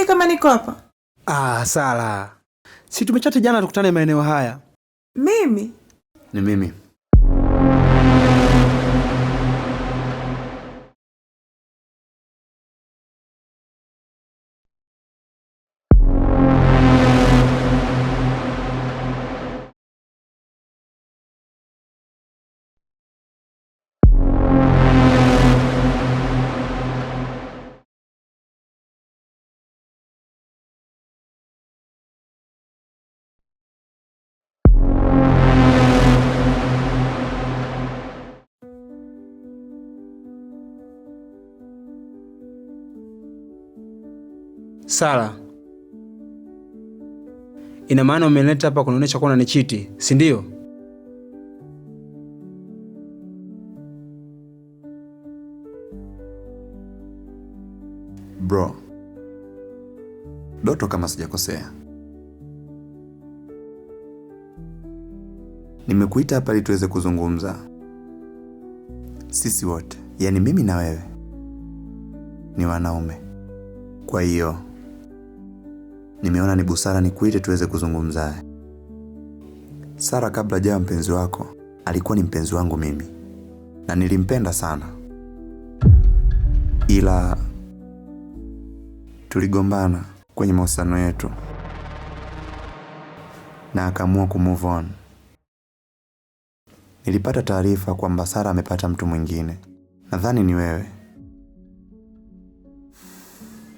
Unajuaje kama niko hapa? Ah, Sala, si tumechati jana tukutane maeneo haya. Mimi ni mimi Sala. ina maana umeleta hapa kunionyesha kuwa unanichiti, si ndio? Bro, Doto, kama sijakosea, nimekuita hapa ili tuweze kuzungumza sisi wote, yaani mimi na wewe ni wanaume, kwa hiyo nimeona ni busara nikuite tuweze kuzungumza. Sara kabla jawa mpenzi wako alikuwa ni mpenzi wangu mimi na nilimpenda sana, ila tuligombana kwenye mahusiano yetu na akaamua kumove on. Nilipata taarifa kwamba Sara amepata mtu mwingine, nadhani ni wewe.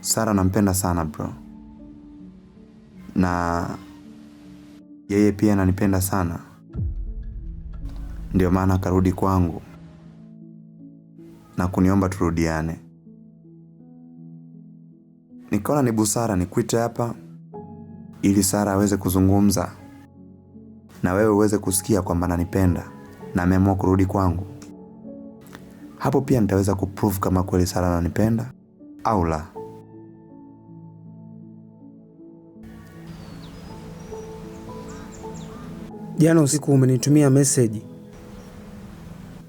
Sara nampenda sana bro na yeye pia ananipenda sana, ndio maana akarudi kwangu na kuniomba turudiane. Nikaona ni busara nikwite hapa ili Sara aweze kuzungumza na wewe uweze kusikia kwamba nanipenda na ameamua kurudi kwangu. Hapo pia nitaweza kuprove kama kweli Sara ananipenda au la. Jana usiku umenitumia meseji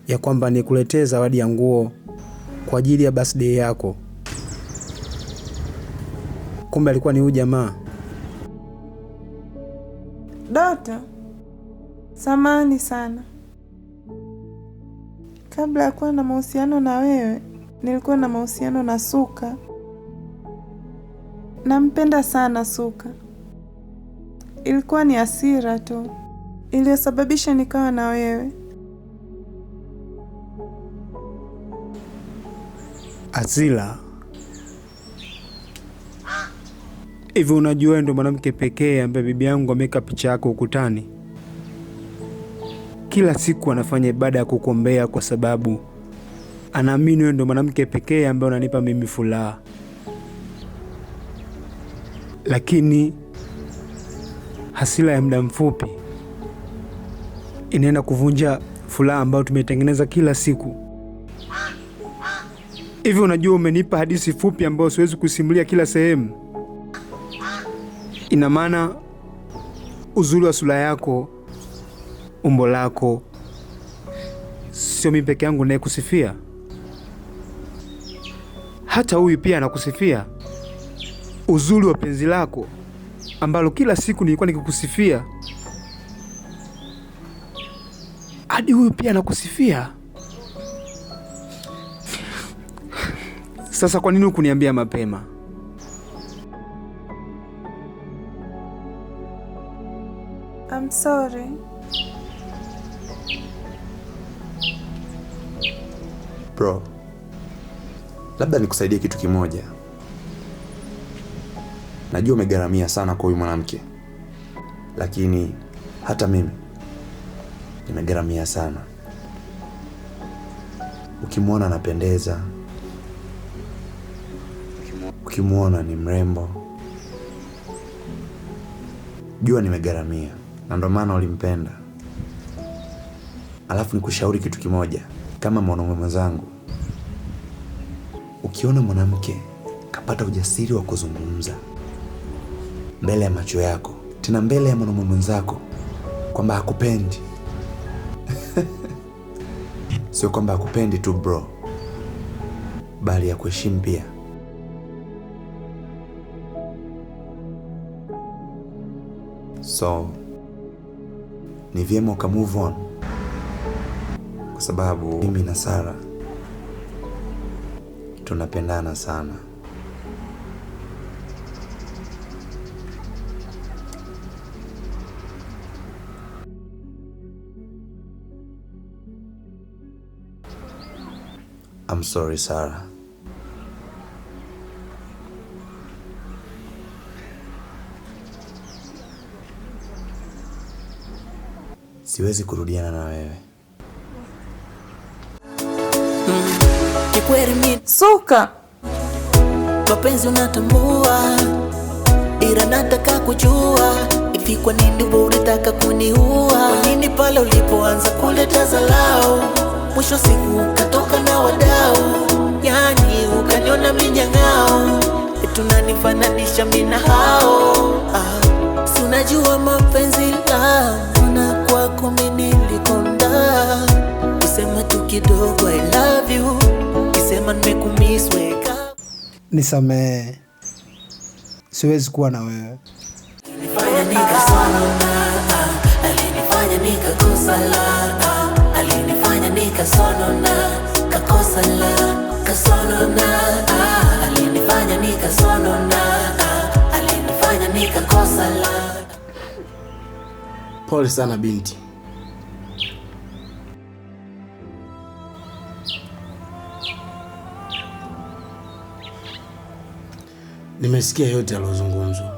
ya kwamba nikuletee zawadi ya nguo kwa ajili ya birthday yako. Kumbe alikuwa ni huyu jamaa Doto. Samani sana. Kabla ya kuwa na mahusiano na wewe, nilikuwa na mahusiano na Suka. Nampenda sana Suka, ilikuwa ni hasira tu iliyosababisha nikawa na wewe. Azila, hivi unajua ndo mwanamke pekee ambaye bibi yangu ameweka picha yako ukutani? Kila siku anafanya ibada ya kukuombea kwa sababu anaamini wewe ndo mwanamke pekee ambaye unanipa mimi furaha, lakini hasira ya muda mfupi inaenda kuvunja furaha ambayo tumeitengeneza kila siku. Hivi unajua, umenipa hadithi fupi ambayo siwezi kusimulia kila sehemu. Ina maana uzuri wa sura yako, umbo lako, sio mimi peke yangu nayekusifia hata huyu pia anakusifia uzuri wa penzi lako ambalo kila siku nilikuwa nikikusifia hadi huyu pia anakusifia. Sasa kwa nini hukuniambia mapema? I'm sorry. Bro, labda nikusaidie kitu kimoja. Najua umegaramia sana kwa huyu mwanamke, lakini hata mimi nimegaramia sana. Ukimwona anapendeza, ukimwona ni mrembo, jua nimegaramia, na ndo maana ulimpenda. Alafu nikushauri kitu kimoja, kama mwanaume mwenzangu, ukiona mwanamke kapata ujasiri wa kuzungumza mbele ya macho yako, tena mbele ya mwanaume mwenzako kwamba hakupendi sio kwamba akupendi tu bro, bali ya kuheshimu pia. So ni vyema uka move on, kwa sababu mimi na Sara tunapendana sana. I'm sorry, Sarah. Siwezi kurudiana na wewe. Suka. Mapenzi unatambua, ila nataka kujua ivi, nini ulitaka kuniua? Kwa nini pale ulipoanza kuleta zalao mwisho siku ukatoka na wadau, yani ukaniona minyang'ao, eh, tunanifananisha mina hao ah. Si unajua mapenzi lamona kwako mimi nilikonda, kusema tu kidogo I love you, kisema nimekumisweka, nisamehe, siwezi kuwa na wewe kasonona ah, alinifanya nikasonona ah, alinifanya Pole sana binti. Nimesikia yote yaliyozungumzwa,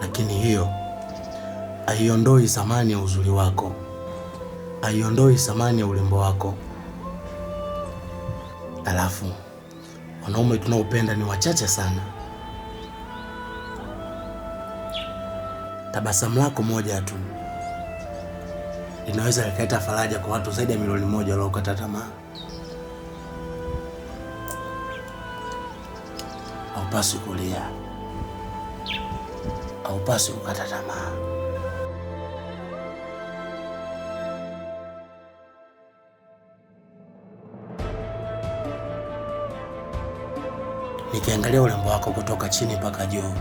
lakini hiyo haiondoi thamani ya uzuri wako, haiondoi thamani ya urembo wako, Alafu wanaume tunaopenda ni wachache sana. Tabasamu lako moja tu linaweza likaleta faraja kwa watu zaidi ya milioni moja waliokata tamaa. Haupaswi kulia, haupaswi kukata tamaa. nikiangalia urembo wako kutoka chini mpaka juu,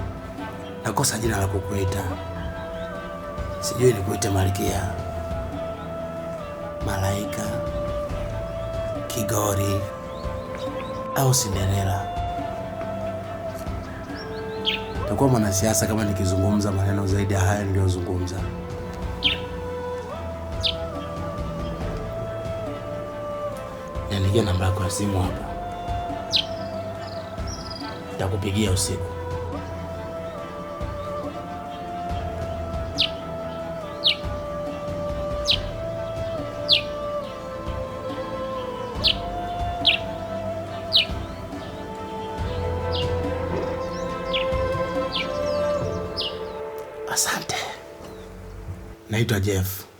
nakosa jina la kukuita. Sijui nikuite Malkia, Malaika, Kigori au Cinderella. Takuwa mwanasiasa kama nikizungumza maneno zaidi ya haya niliyozungumza. Niandikia namba yako ya simu hapa nitakupigia usiku. Asante. Naitwa Jeff.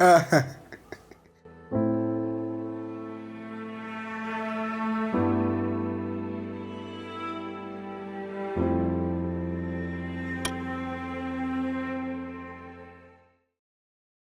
uh,